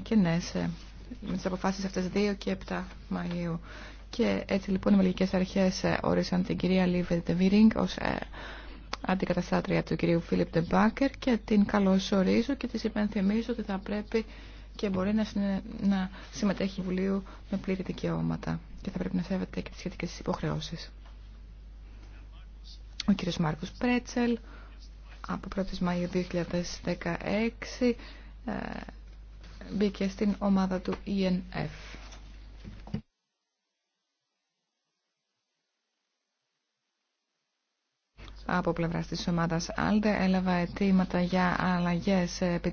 και ναι, με τις αποφάσεις αυτές 2 και 7 Μαΐου. Και έτσι λοιπόν οι Μελλικές αρχές ε, όρισαν την κυρία Λίβε Τεβιρινγκ ως ε, αντικαταστάτρια του κυρίου Φίλιπ Τεμπάκερ και την καλωσορίζω και της υπενθυμίζω ότι θα πρέπει και μπορεί να, να συμμετέχει Βουλίου με πλήρη δικαιώματα και θα πρέπει να σέβεται και τις σχετικές υποχρεώσεις. Ο κύριος Μάρκος Πρέτσελ από 1η Μαΐου 2016 μπήκε στην ομάδα του ENF. Από πλευρά της ομάδας Άλτε έλαβα αιτήματα για αλλαγές ε,